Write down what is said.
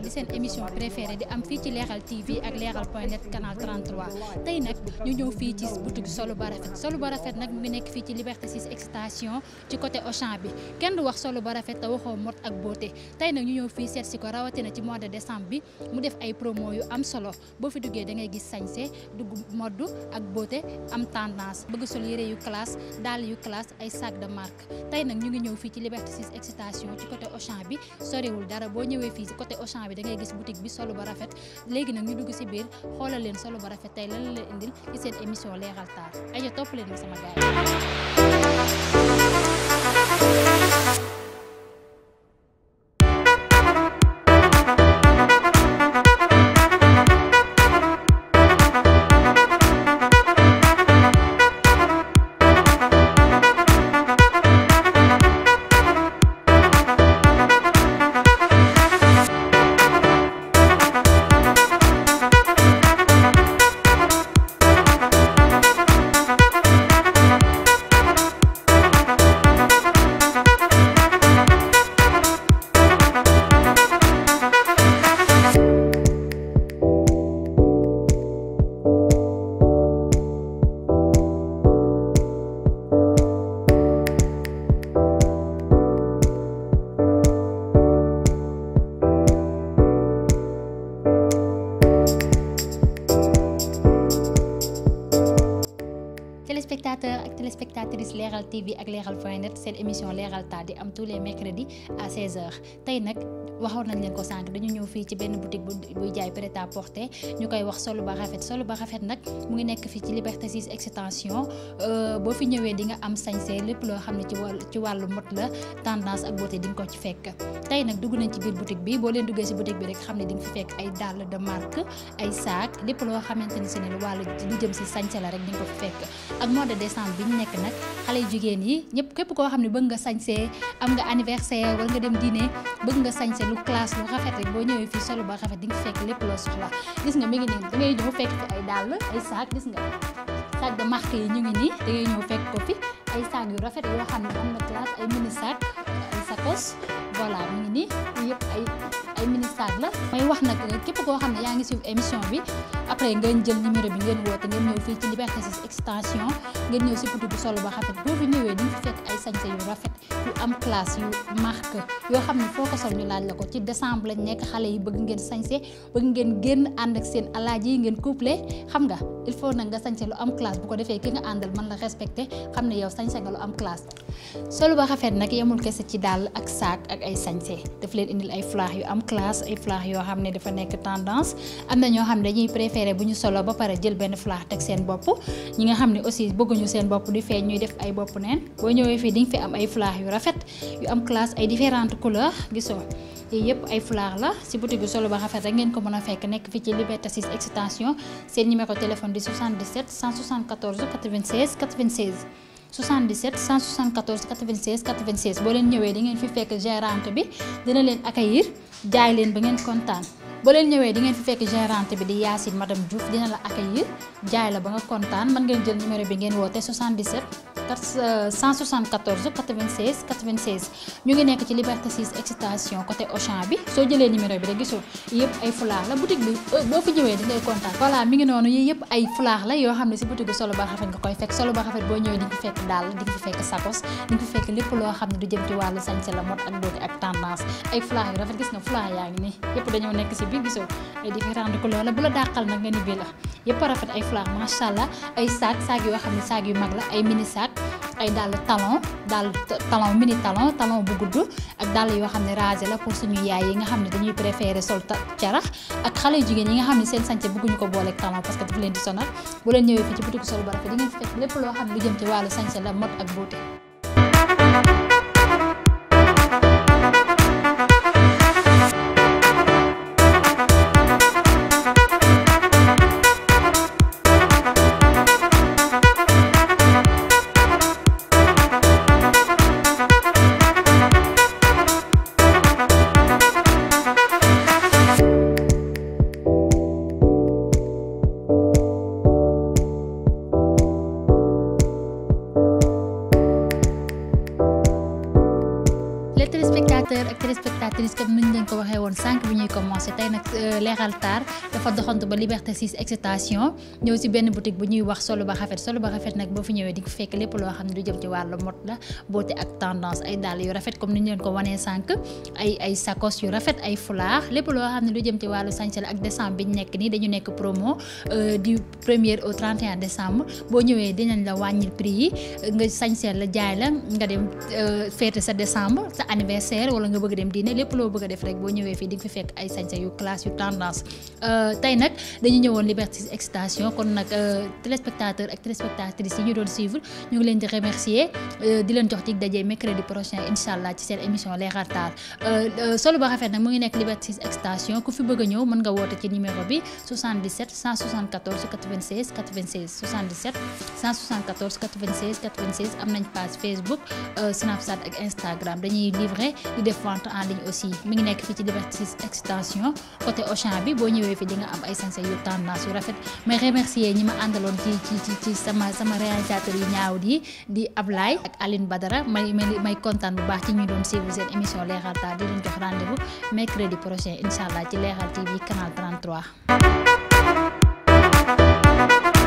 di seen émission préférée di am fii ci Leral TV ak Leral point net canal 33 tey nag ñu ñëw fii ci boutique Solu ba rafet Solu ba rafet nag mu ngi nekk fii ci Liberté 6 extension ci côté Auchan bi kenn du wax Solu ba rafet te waxoo mot ak beauté tey nag ñu fii seet si ko rawatina ci mois de décembre bi mu def ay promo yu am solo boo fi duggee da ngay gis sañse dugg mode ak beauté am tendance bëgg sol yére yu classe daal yu classe ay sac de marque tey nag ñu ngi ñëw fii ci Liberté 6 extension ci côté Auchan bi soriwul dara boo ñëwee fii ci côté Auchan bi ngay gis boutique bi solo ba rafet léegi nag ñu dugg si biir xoolal leen solo ba rafet tey lan la leen indil ci seen émission leeral taar aja topp leen ma sama gaay te ak téléspectatrice Leral TV ak Leral point net seen émission Leral ta di am tous les mercredis à 16h tey nag waxoon nañ leen ko sànq dañu ñëw fii ci benn boutique bu buy jaay prêt à porter ñu koy wax solu ba rafet solu ba rafet nag mu ngi nekk fii ci Liberté 6 extension euh, boo fi ñëwee di nga am sañse lépp loo xam ne ci wàllu ci wàllu mot la tendance ak beauté di ko ci fekk tey nag dugg nañ ci biir boutique bi boo leen duggee si boutique bi rek xam ne di nga fi fekk ay dàll de marque ay loo xamante ni si ne wàllu lu jëm si la rek di nga ko bi ñu nekk nag xale jigéen yi ñëpp képp koo xam ne bëgg nga sañsee am nga anniversaire wala nga dem dîner bëgg nga sañse lu classe lu rafet boo ñëwee fii solo ba rafet di nga fekk lépp loo soxla gis nga mi ngi nii da ngay ñëw fekk ay dàll ay saak gis nga saak de marque yi ñu ngi nii da ngay ñëw fekk ko fi ay saak yu rafet yoo xam ne am na classe ay mini saak ay sakos voilà mi ngi nii yëpp ay ay mini saak la may wax nag eh, képp koo xam ne yaa ngi suivre émission bi après ngeen jël numéro bi ngeen woote ngeen ñëw fii ci Liberté 6 extension ngeen ñëw si putu bu sol ba rafet boo fi ñëwee di nga fi fekk ay sañse yu rafet yu am classe yu yoo xam ne foo ko sol ko ci décembre lañ nekk xale yi bëgg ngeen sañse bëgg ngeen génn ànd ak seen alaaji yi ngeen couple xam nga il faut nag nga sañse lu am classe bu ko defee ki àndal mën la respecté xam ne yow sañse nga lu am classe sol ba rafet nag yemul kese ci dàll ak saak ak ay sañse daf leen indil ay flaax yu am classe ay flaax yoo xam ne dafa nekk tendance am na ñoo xam ne dañuy préféré bu ñu solo ba pare jël benn flax teg seen bopp ñi nga xam ne aussi bëgguñu seen bopp di feeñ ñuy def ay bopp neen boo ñëwee fii di nga fi am ay flax yu rafet yu am classe ay différentes couleurs gisoo yii yëpp ay flax la si boutique bi solo ba rafet rek ngeen ko mën a fekk nekk fii ci Liberté 6 extension seen numéro téléphone di 77 174 96 96 77 174 96 96 boo leen ñëwee di ngeen fi fekk gérante bi dina leen accueillir jaay leen ba ngeen kontaan boo leen ñëwee di ngeen fi fekk gérante bi di Yacine madame Diouf dina la accueillir jaay la ba nga kontaan mën ngeen jël numéro bi ngeen woote 77. 174 96 96 ñu ngi nekk ci Liberté 6 extension côté Auchan bi soo jëlee numéro bi rek gisoo yëpp ay fulaar la boutique bi euh, boo fi ñëwee di ngay contact voilà mi ngi noonu yii yëpp ay fulaar la yoo xam ne si boutique solo ba rafet nga koy fekk solo ba rafet boo ñëwee di nga fekk daal di nga fekk sakos di nga fekk lépp loo xam ne du jëm ci wàllu sañse la mode ak beauté ak tendance ay fulaar yu rafet gis nga fulaar yaa ngi nii yëpp dañoo nekk si biir gisoo ay différent ko loola bu la dàqal la yëpp ay dàll talon dàll talon mini talon talon bu gudd ak dàll yoo xam ne rasé la pour suñu yaay yi nga xam ne dañuy préférer sol carax ak xale yu jigéen yi nga xam ne seen sañse bëgguñu ko booleeg talon parce que leen di sonal bu leen ñëwee fii ci boutique Sol bu Rafet di fekk lépp loo xam lu jëm ci wàllu sañse la mode ak beauté auditrices comme ni ñu leen ko waxee woon sànq bi ñuy commencé tey nag euh, leeral taar dafa doxantu ba Liberté 6 excitation ñëw si benn boutique bu ñuy wax solo ba rafet solo ba rafet nag boo fi ñëwee di nga fekk lépp loo xam ne du jëm ci wàllu mode la beauté ak tendance ay dàll yu rafet comme ni ñu leen ko wanee sànq ay ay sakos yu rafet ay foulard lépp loo xam ne du jëm ci wàllu sañsel ak décembre bi ñu nekk nii dañu nekk promo euh, du premier au 31 décembre boo ñëwee dinañ la wàññil prix yi nga sañsel la jaay la nga dem euh, fête sa décembre sa anniversaire wala nga bëgg dem diine lépp lépp loo bëgg a def rek boo ñëwee fii di nga fi fekk ay sañse yu classe yu tendance euh, tey nag dañu ñëwoon Liberté Extension kon nag euh, téléspectateur ak téléspectatrices yi ñu doon suivre ñu ngi leen di remercier euh, di leen jox dig daje mercredi prochain incha ci seen émission Leral Taar solo ba rafet nag mu ngi nekk Liberté Extension ku fi bëgg ñëw mën nga woote ci numéro bi am nañ page Facebook Snapchat ak Instagram dañuy livrer di def vente en ligne aussi mi ngi nekk fii ci Liberté 6 extension côté Auchan bi boo ñëwee fi di nga am ay sañse yu tendance yu rafet mais remercier ñi ma àndaloon ci ci ci ci sama sama réalisateur yu ñaaw di di Ablaye ak Aline Badara may may kontaan bu baax ci ñuy doon suivre seen émission Leral Tar di leen jox rendez-vous mercredi projet incha allah ci Leral TV canal 33.